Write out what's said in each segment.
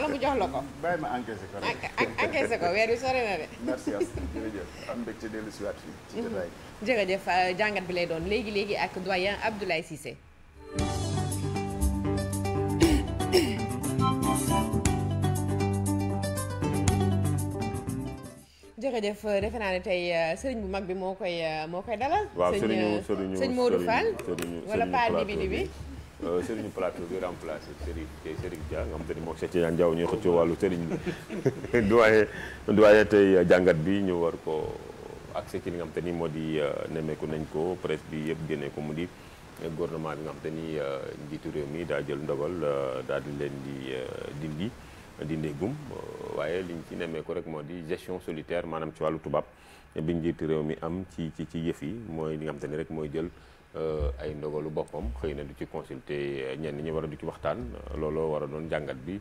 wala mu jox la ko. bàyyi ma encaissé jàngat bi lay doon léegi léegi ak doyen Abdoulaye Cissé. jërëjëf euh, defe naa ne tey euh, sëriñ bu mag bi moo koy euh, moo koy dalal. waaw sëriñu sëriñu sëriñ Modou Fall. wala Paa Euh, Serigne Plateau bi remplacé Serigne tey Serigne Dia nga xam te ni moom Cheikh Tidiane Diaw ñuy xëccoo wàllu Serigne bi doyen doyen tey jàngat bi ñu war ko accès ci li nga xam te ni moo di euh, nemmeeku nañ ko presse bi yëpp génnee ko mu di euh, gouvernement bi nga xam te ni njiitu réew mi daa jël ndogal daal di leen di dindi dindi gum waaye liñ ci nemmeeku rek moo di gestion solitaire maanaam ci wàllu tubaab bi njiitu réew mi am ci ci ci yëf yi mooy di nga xam te ni rek mooy jël. Euh, ay ndogalu boppam xëy na du ci consulter euh, ñenn ñi war a du ci waxtaan euh, looloo war a doon jàngat bi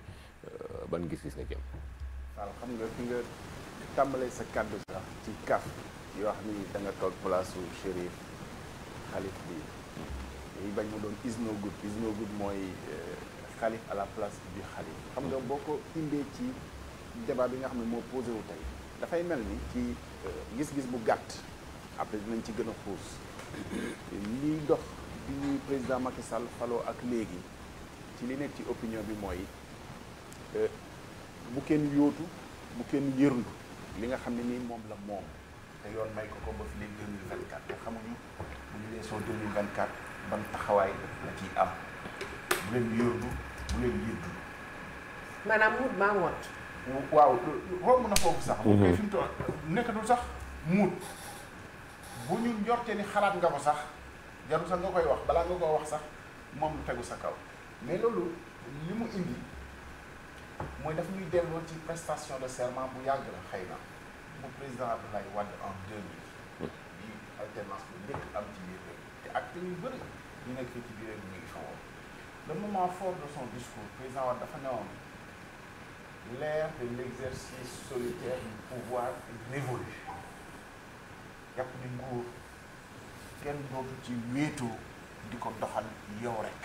ban gis-gis nga ci waaw xam nga fi nga tàmbalee sa kàddu sax ci kaf yoo xam ni danga nga toog place shérif xalif bi dañuy bañ mu doon isnogout isnogout mooy xalif à la place bi xalif xam nga boo ko indee ci débat bi nga xam ne moo posé wu tey dafay mel ni ci gis-gis bu gàtt après dinañ ci gën a xuus lii dox bi ñuy président Macky Sall faloo ak léegi ci li nekk ci opinion bi mooy euh, bu kenn yóotu bu kenn yërndu li nga xam ne nii moom la moom te yoon may ko ko ba fi 2024 te xamuñu bu ñu leesoo 2024 ban taxawaay la ciy am bu leen yërndu bu leen yërndu maanaam muut maa ngoot waaw romb na foofu sax bu mhm. koy fi mu nekkatul sax muut bu ñu njorte ni xalaat nga ko sax jarul sax nga koy wax balaa nga ko wax sax moom lu tegu sa kaw mais loolu li mu indi mooy daf ñuy delloo ci prestation de serment bu yàgg la xëy na bu président Abdoulaye Wade en 2000 bi alternance bu njëkk am ci biir te acte yu bëri ñu nekk ci biir ñu ngi fa woon le moment fort de son discours président Wade dafa newoon l'ère de l'exercice solitaire du pouvoir bi jàpp ni nguur kenn dootu ci wéetoo di ko doxal yow rek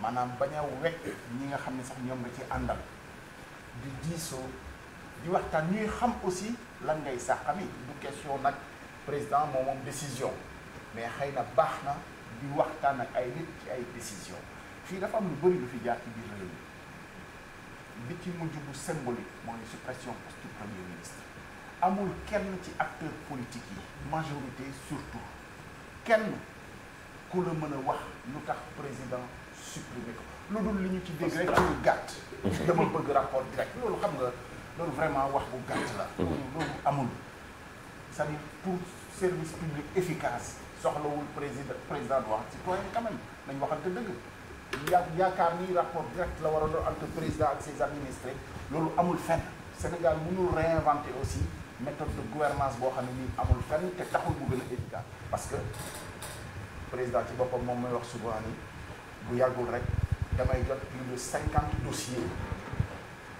maanaam bañ a wekk ñi nga xam ne sax ñoom nga ci àndal di diisoo di waxtaan ñuy xam aussi lan ngay sax xami du question nag président moom moom décision mais xëy na baax na di waxtaan ak ay nit ci ay décision fii dafa am lu bëri lu fi jaar ci biir réew mi bi ci mujj bu symbolique mooy suppression poste premier ministre amul kenn ci acteur politique yi majorité surtout kenn ku la mën a wax lu tax président supprimé ko lu dul li ñu ci dégg rek lu gàtt dama bëgg rapport direct loolu xam nga loolu vraiment wax bu gàtt la loolu amul c'est-à-dire pour service public efficace soxlawul président président du wax citoyen quand wax a waxante dëgg yaa yaakaar nii rapport direct la war a doon entre président ak ses administrés loolu amul fenn Sénégal mënul réinventer aussi méthode de gouvernance boo xam ne nii amul fenn te taxul mu gën a efficace parce que président ci boppam moom mooy wax souvent ni bu yàggul rek damay jot plus de cinquante dossiers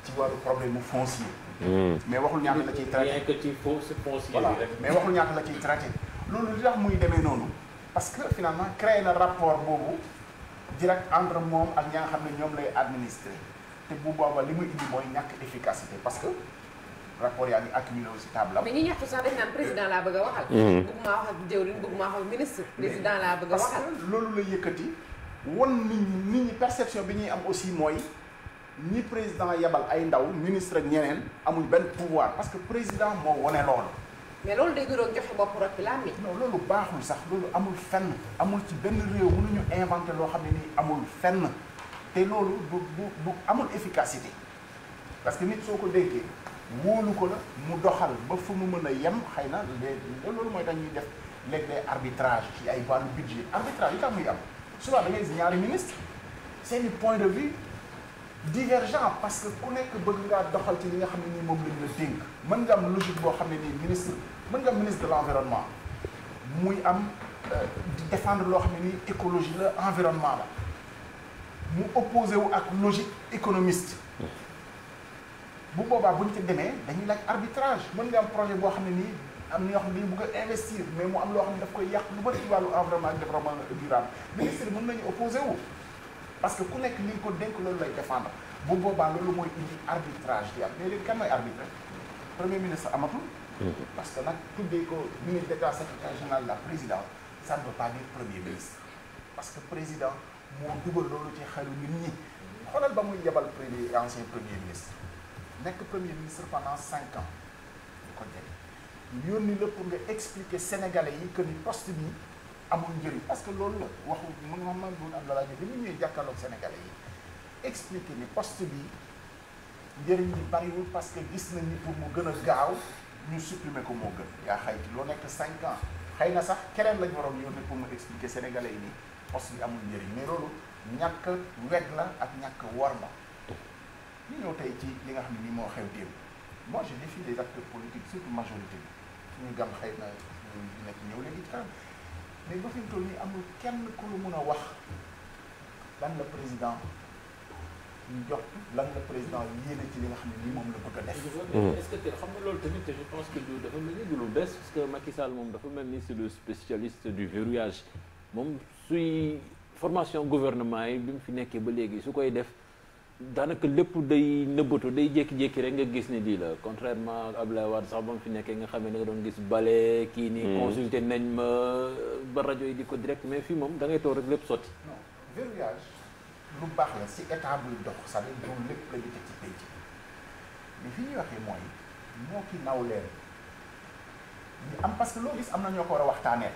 ci wàllu problème mu foncier. Hmm. mais waxul ñaata la ciy traité ci foncier voilà mais waxul ñaata la ciy traité loolu li tax muy demee noonu parce que finalement créé na rapport boobu direct entre moom ak ña xam ne ñoom lay administrer te bu boobaa li muy indi mooy ñàkk efficacité parce que. rapport yaa ngi accumulé aussi table am. a waxal. Hmm. bëgg maa wax ak jëwriñ bëgg maa wax a waxal loolu la yëkkati. won nit ñi bi ñuy am aussi mooy ñi président yebal ay ndaw ministre ñeneen amuñ benn pouvoir parce que président moo wone loolu. mais loolu day gënoon joxe bopp rot bi la amee. non sax loolu amul fenn amul ci benn réew mënuñu inventé loo xam ne amul fenn te loolu bu bu bu amul efficacité parce que nit soo ko déggee wóolu ko mu doxal ba fu mu mën a yem xëy na loolu mooy tax ñuy def léeg arbitrage ci ay wàllu budget arbitrage yi tax muy am souvent da ngay gis ñaari ministre seen i point de vue divergent parce que ku nekk bëgg ngaa doxal ci li nga xam ne nii moom lañ la dénk mën nga am logique boo xam ne nii ministre mën nga am ministre de l'environnement muy am euh, di défendre loo xam ne nii écologie la environnement la mu opposé wu ak logique économiste bu boobaa buñ ci demee dañuy laaj arbitrage mën nga projet boo xam ne nii am na ñoo xam ne dañu bëgg investir mais mu am loo xam ne daf koy yàq lu bëri ci wàllu environnement ak développement durable ministre mën nañu opposé wu parce que ku nekk li ko dénk loolu lay défendre bu boobaa loolu mooy indi arbitrage di am mais léegi kan mooy arbitre premier ministre amatul parce que nag tuddee ko ministre d'état secrétaire général la présidence ça ne veut pas dire premier ministre parce que président moo dugal loolu ci xelu nit ñi xoolal ba muy yebal premier ancien premier ministre nekk premier ministre pendant cinq ans ñu ko jege ñu yónni la nga expliquer sénégalais yi que ni post bi amul njëriñ parce que loolu la waxu mun ma man Boun Abdallah Dionne bi mu ñëwee jàkkaarloog sénégalais yi expliquer ni post bi njëriñ bi bariwul parce que gis nañ ni pour mu gën a gaaw ñu supprimer ko moo gën yaa xayti loo nekk cinq ans xëy na sax keneen lañu waroon yónni pour mu expliquer sénégalais yi ni poste bi amul njëriñ mais loolu ñàkk weg la ak ñàkk war ma ñu ñëw tey ci li nga xam ne nii moo xew démb moi je défie les acteurs politiques surtout majorité bi gam xëy na dina ci ñëw léegi ci kanam mais ba fi mu toll nii amul kenn ku lu a wax lan la président ñu jox lan la président ci li nga xam ne nii moom la bëgg a def. Mmh. est xam nga loolu tamit je pense que dafa mel ni lu bees moom dafa mel ni c'est le spécialiste du verrouillage moom suy formation gouvernement yi bi mu fi nekkee ba léegi su koy def. daanaka lépp day nëbbatu day jékki-jékki rek nga gis ni lii la contrairement Abdoulaye Wade sax ba mu fi nekkee nga xam ne da nga doon gis bale kii nii hmm. consulté nañ ma ba rajo yi di ko direct mais fii moom dangay ngay toog lépp sotti non verrouillage lu baax la si état buy dox cest la ñu fi ñuy waxee mooy moo ki naw leen am parce que loo gis am na ñoo ko war a waxtaanee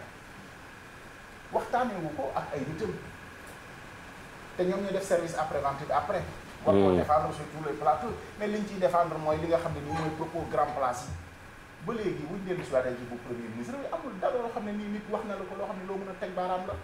waxtaanee wu ko ak ay nitam te ñoom ñu def service après vente bi après war ko hmm. défendre sur tous les plateaux mais li mooy li nga xam ne ni mooy propos grand place yi ba léegi buñ dellu si waatee bu premier ministre amul dara loo xam ne nii nit wax na la ko loo xam ne loo mën a teg baaraam la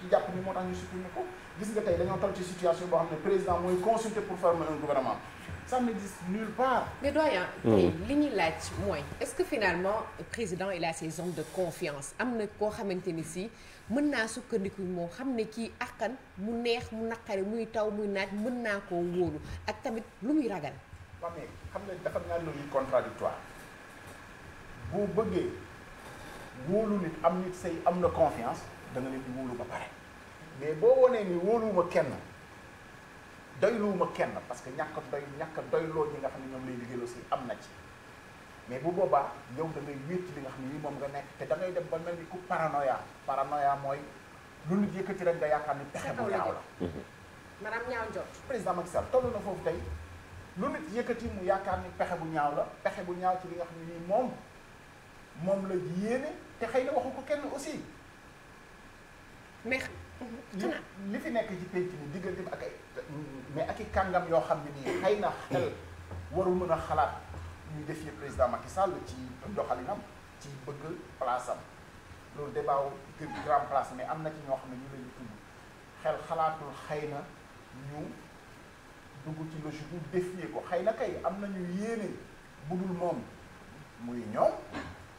ci jàpp ni moo tax ñu supprimer ko gis nga tey dañoo toll ci situation boo xam ne président mooy consulté pour former un gouvernement ça n'existe nulle part. mais doyen. Hmm. li ñu laaj mooy est-ce que finalement président il a ses de confiance am na koo xamante ni si. mën naa sukkandiku moo xam ne kii akkan mu neex mu naqari muy taw muy naaj mën naa koo wóolu ak tamit lu muy ragal. waaw mais xam nga dafa ñaari logique contradictoire boo bëggee wóolu nit am nit say am na confiance da nga di wóolu ba pare mais boo wonee ni wóoluwuma kenn doyluwuma kenn parce que ñàkk doy ñàkk doyloo ñi nga xam ne ñoom lay liggéeyal aussi am na ci. mais bu boobaa yow da ngay wéet li nga xam ne nii moom nga nekk te da ngay dem ba mel ni ku paranoïa paranoïa mooy lu nit yëkkati rek nga yaakaar ni pexe bu ñaaw la maanaam ñaaw njort président Macky Sall na foofu tey lu nit yëkkati mu yaakaar ni pexe bu ñaaw la pexe bu ñaaw ci li nga xam ne nii moom moom la yéene te xey na waxu ko kenn aussi mais li fi nekk ci pénc mi diggante ak ay mais ak i kàngam yoo xam ne nii xëy na xel warul mën a xalaat ñuy défier président Macky Sall ci doxalinam ci bëgg place am loolu débat wu grand place mais am na ci ñoo xam ne ñu lañu tudd xel xalaatul xëy na ñu dugg ci logique ñu défier ko xëy na kay am na ñu yéene budul moom muy ñoom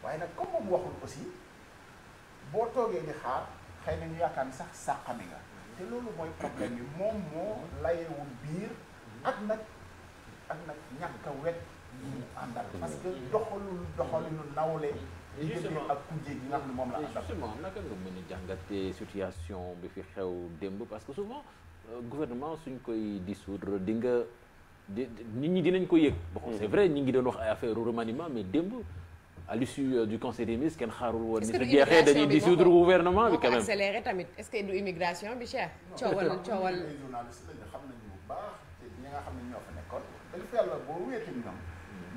waaye nag comme moom waxul aussi boo toogee di xaar xëy na ñu yaakaar ni sax sàqami nga te loolu mooy problème bi moom moo layewul biir ak nag nag ñàkk a wet parce que doxalul doxalinu nawle. justement ak kuje gi nga xam ne jàngatee situation bi fi xew démb parce que souvent euh, gouvernement suñ koy dissoudre di nga di nit ñi dinañ ko yëg. bon c'est mm-hmm. vrai ñu ngi doon wax ay affaire remaniement mais démb. à l'issue euh, du conseil des ministres kenn xaarul woon ni su jeexee dañuy dissoudre gouvernement bi quand même tamit est-ce que du immigration bi cher coowal coowal bu baax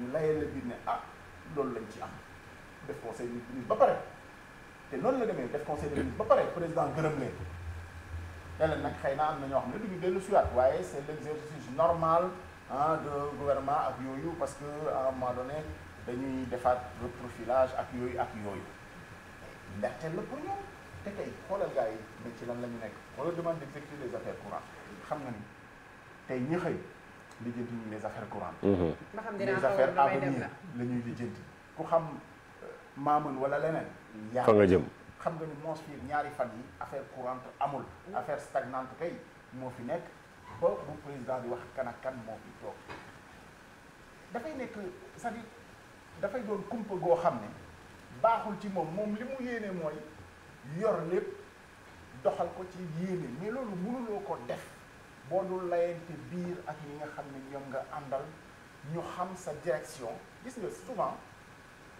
ñu layal la biir ne ah loolu lañ ci am def conseil des ministres ba pare te noonu la demee def conseil des ministres ba pare président gërëm leen ne nag xëy na am na ñoo xam ne du ñu dellu suyaat waaye c' est l' exercice normal ah de gouvernement ak yooyu parce que à un moment donné dañuy defaat reprofilage ak yooyu ak yooyu ndaxteel la pour ñoom te tey xoolal gars yi mais ci lan lañu ñu nekk xoolal demande d' exécutif des affaires courantes xam nga ni tey ñi xëy. lijjanti ñu sa affaires courantes. Mhm. les affaires à venir la ñuy lijjanti ku xam euh, maamun wala leneen. yaa fa nga jëm xam nga ni moos fii ñaari fan yi affaire courante amul. affaire stagnante kay moo fi nekk ba président di wax kan moo fi toog dafay nekk cest à dafay doon kumpa goo xam ne baaxul ci moom moom li mu yéene mooy yor lépp doxal ko ci yéene mais loolu mënuloo ko def. boo dul layante biir ak ñi nga xam ne ñoom nga àndal ñu xam sa direction gis nga souvent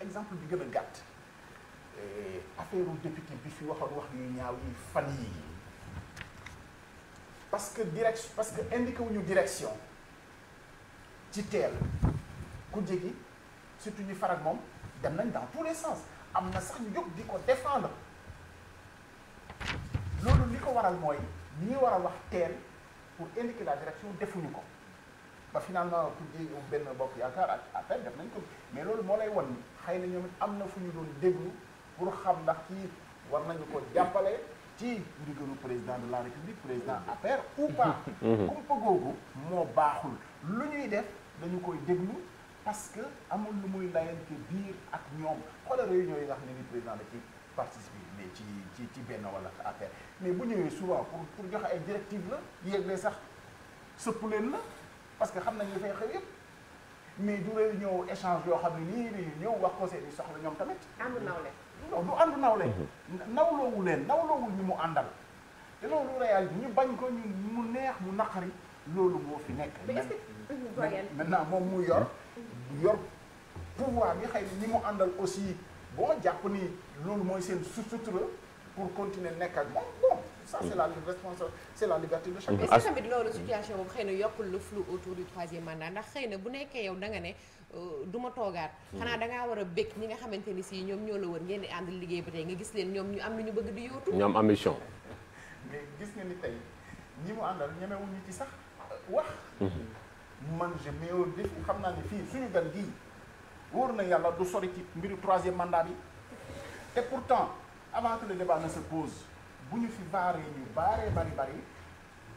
exemple bi gën a gàtt eh, affaire u député bi fi waxoon wax yu ñaaw yi fan yii parce que direction parce que indiqué direction ci teel ku jégi surtout ñu farak moom dem nañ dans tous les sens am na sax ñu jóg di ko défendre loolu li ko waral mooy li ñuy war a wax teel pour indiquer la direction defuñu ko ba finalement ku ji benn bokk yaakaar ak affaire def nañ ko mais loolu moo lay wan ni xëy na ñoom am na fu ñu doon déglu pour xam ndax kii war nañu ko jàppale ci ndigalu président de la république président affaire ou pas mhm. kumpa googu moo baaxul lu ñuy def dañu koy déglu parce que amul lu muy layante biir ak ñoom xoolal réunion yi nga xam ne ni président da ci participer mais ci ci ci benn wala affaire mais bu ñëwee souvent pour pour joxe ay directives la yéegle sax sëpp leen la parce que xam nañ li fay xew yëpp mais du réunion échange yoo xam ne nii ñëw wax ko seen soxla ñoom tamit. àndu nawle. non du mhm. nawloowu leen nawloowul ñu mu àndal. te loolu réalité ñu bañ ko ñu mu neex mu naqari loolu moo fi nekk. mais est mhm, maintenant moom mu yor. yor pouvoir bi xëy na ñi mu àndal aussi. boo ma jàpp ni loolu mooy seen sutura pour continuer nekk ak moom bon. ça c'est la responsable c'est la liberté de chacun. est-ce que tamit situation boobu xëy na yokkul le flou autour du troisième mandat ndax xëy na bu nekkee yow da nga ne euh, du ma toogaat. Hmm. xanaa da ngaa war a bëgg ñi nga xamante ni si ñoom ñoo la wër ngeen di ànd liggéey bi tey nga gis leen ñoom ñu am lu ñu bëgg di yóotu. ñu am ambition. mais gis nga ni tey ñi mu àndal ñemewuñu ci sax wax. Hmm. man je mets au défi xam naa ne fii suñu wóor na yàlla du sori ci mbiru troisième mandat bi et pourtant avant que le débat na sa pose bu ñu fi baaree ñu baaree bari bari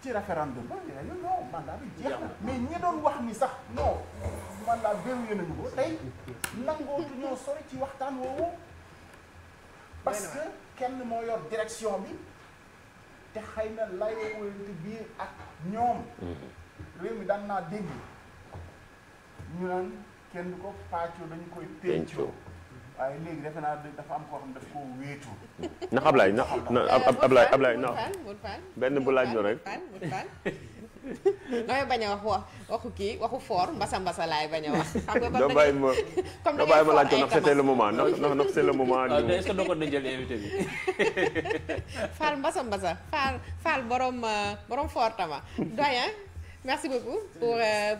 ci référendum ba dina ñu non mandat mais ñi doon wax ni sax non mandat verrouillé nañu ko tey nangootu ñoo sori ci waxtaan woowu parce que kenn moo yor direction bi te xëy na layoowante biir ak ñoom mm-hmm. réew mi daan naa dégg ñu naan kenn ko pàccoo dañu koy pencoo waaye léegi defe naa dafa am koo xam daf koo wéetu. ndax Ablaye ndax Ablaye Ablaye ndax benn bu laaj la rek. damay bañ a wax wax waxu kii waxu foor mbasa mbasa laay bañ a wax. xam nga ban bàyyi ma comme da bàyyi ma laaj ko ndax c'était le moment ndax ndax c'est moment. Ah, est na jël invité bi. Fall mbasa mbasa Fall Fall borom euh, foor tama doyen merci beaucoup euh,